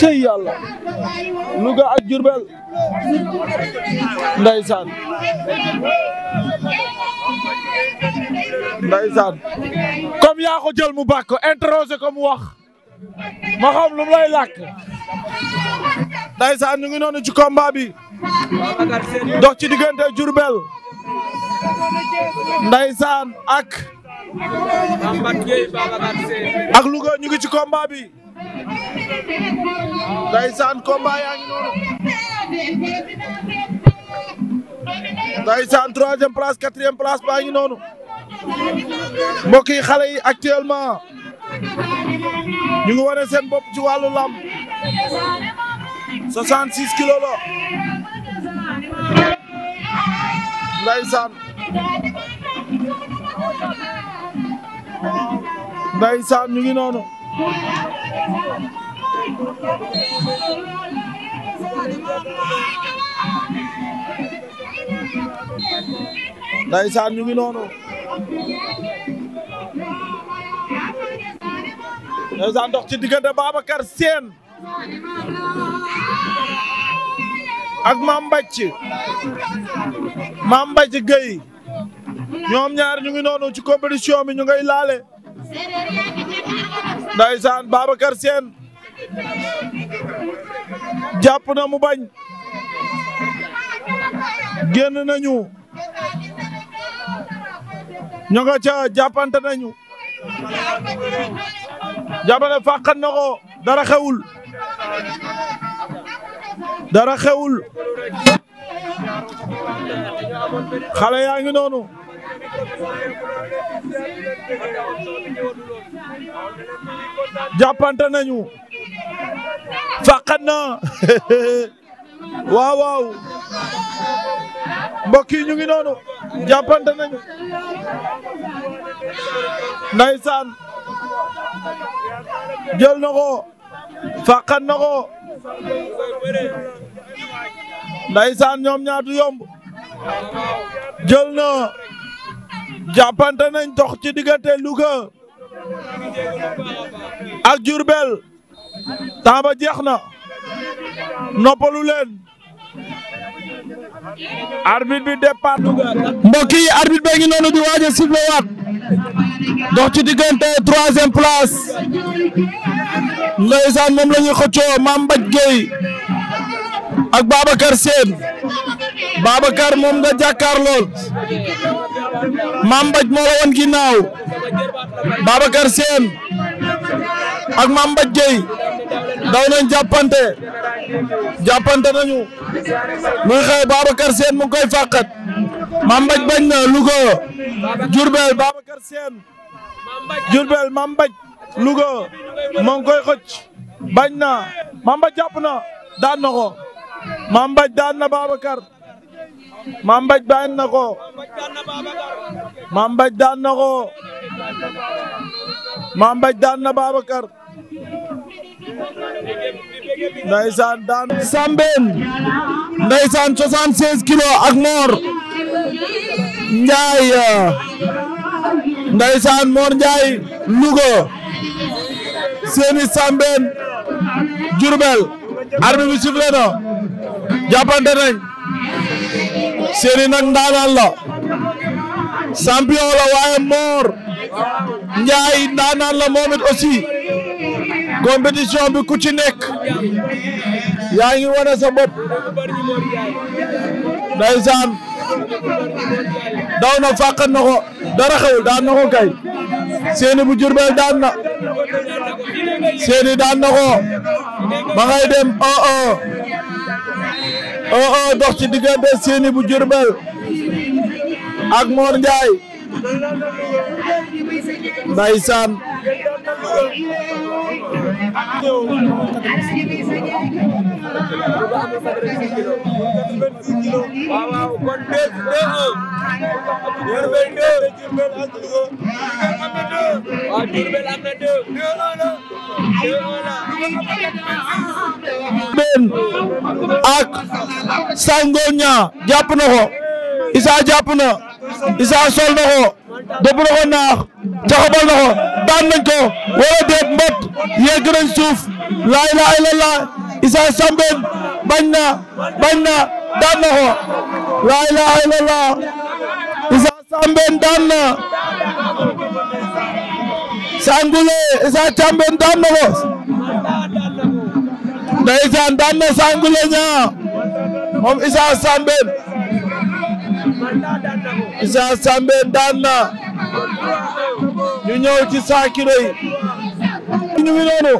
cëy yàlla Louga ak Diourbel ndeysaan ndeysaan comme yaa ko jël mu bàkk interrogé ko mu wax ma xam lu mu lay làkk ndeysaan ñu ngi noonu ci combat bi dox ci diggante Diourbel ndeysaan ak ak Louga ñu ngi ci combat bi Ndeysaan combat yaa ngi noonu. Ndeysaan troisième place quatrième place baa ngi noonu. mbokk yi xale yi actuellement ñu ngi wane seen bopp ci wàllu lamb 66 kilos la. Ndeysaan. Ndeysaan ñu ngi noonu. Ndeysaan ñu ngi noonu Ndeysaan dox ci diggante Babacar seen ak Mame Mbathie Mame Mbathie Gueye ñoom ñaar ñu ngi noonu ci compétition bi ñu ngay laale ndaysaan Babacar Sène jàpp na mu bañ génn nañu ñoo nga ca jàppante nañu jàppante fàqan na ko dara xewul dara xewul xale yaa ngi noonu jàppante nañu faqat na waaw waaw yi ñu ngi noonu jàppante nañu ndaysaan jël na ko faqat na ko ndaysaan ñoom ñaatu yomb jël na jàppante nañ dox ci diggante Louga ak Diourbel temps ba jeex na noppalu leen bi départ Louga mbokk yi arbitre bee noonu di waaj a sifflé waat dox ci diggante troisième place ndeysaan moom la ñuy xëccoo Mame Mbaj Gueye ak Babacar Sène Babacar moom nga jàkkaar lool Mame Mbadj moo la woon ginnaaw Babacar Sène ak Mame Mbadj Gueye daw nañ jàppante jàppante nañu muy xew Babacar Sène mu koy fàqat Mame Mbadj na Louga Diourbel Babacar Sène Diourbel Mame Mbadj moo koy xëcc bañ na Mame Mbadj jàpp na daan na ko Mame daan na Babacar Mame Mbadj na ko Mame Mbadj daan na ko Mame Mbadj daan na Babacar Ndeysaan daan Sambeen Ndeysaan 76 kilos ak Mor Ndiaye ah. Ndeysaan Mor Ndiaye Louga seeni Sambeen Diourbel arbi bi sifle na seeni nag ndaanaan la champion la waaye Mor Ndiaye ndaanaan la moom aussi compétition bi ku ci nekk yaa ngi wane sa bopp ndeysaan daw na fàqat na dara xewul daan na kay seeni bu Jurbel daan na seeni daan na ma ngay dem oo oh, oo oh. oh, dox ci diggante seeni bu Jurbel ak Mor Ndiaye ndeysaan waaw kon ak Sangoña jàpp na ko Issa jàpp na Issa sol na ko dëpp naax jaxabal na ko daan nañ ko wala déet mbot yegg nañ suuf laa ilaaha illallah Issa Sambène bañ na bañ na daan na ko laa ilaaha illallah Issa Sambène daan na Sangoulé Issa daan na ko ñaa moom Issa Sambène Isa Sambe daan na ñu ñëw ci 100 kilos yi. ñu ngi noonu.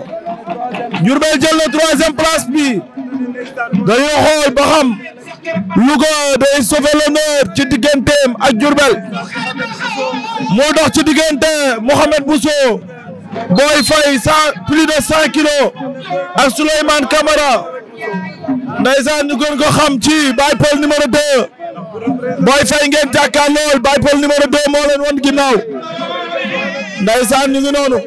Diourbel jël na troisième place bi. dañoo xool ba xam. Louga day sauver l'honneur ci digganteem ak Diourbel. moo dox ci diggante Mohamed Bousso. Boy Faye cent plus de 100 ak Souleymane Camara. ndeysaan ñu gën ko xam ci Baye Peul numéro 2 Boy Faye ngeen jàkkaar lool Baye Peul numéro 2 moo leen wan ginnaaw ndeysaan ñu ngi noonu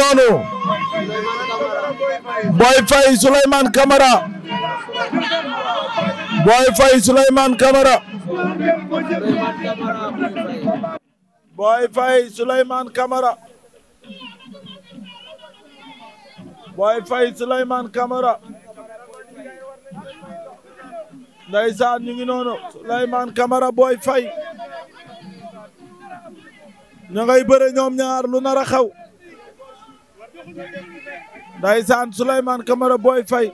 noonu Boy Faye Souleymane Camara Boy Faye Souleymane Camara Boy Faye Souleymane Camara ndeysaan ñu ngi kamara booy Camara Boy Faye ñu ngay ñoom ñaar lu nar a xew ndeysaan Souleymane Camara Boy Faye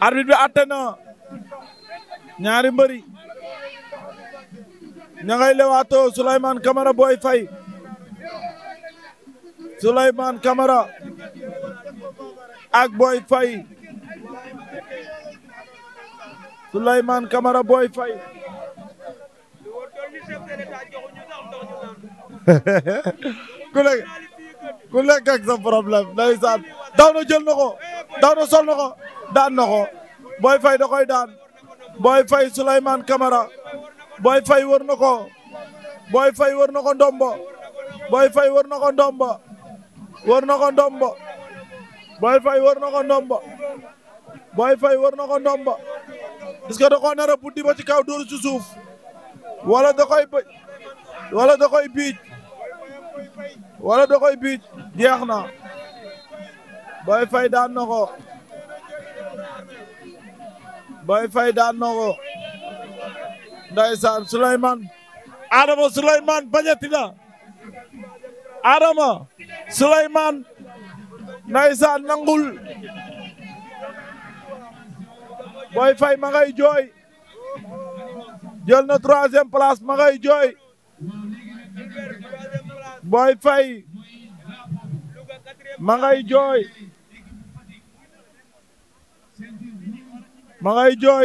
arbitre bi atte na ñaari mbëri ña lewaatoo Souleymane Camara Boy fay Souleymane Camara ak Boy Faye Souleymane Camara Boy Faye ku nekk ku nekk ak sa problème ndeysaan sol na daan na ko Boy koy daan Boy Faye Souleymane Camara wër na ko Boy Faye wër na ko ndombo wër na ko war na ko ndombo Boy Faye war na ndombo Boy Faye war na ko ndombo que da koo nar a buddi ba ci kaw dóor ci suuf wala da koy wala da koy biij wala da na Boy Faye daan na ko Boy Faye daan na ko ndeysaan Souleymane Adama Souleymane bañati Adama Souleymane ndeysaan nangul Boy Faye ma ngay jooy jël na troisième place ma ngay jooy Boy Faye ma jooy ma jooy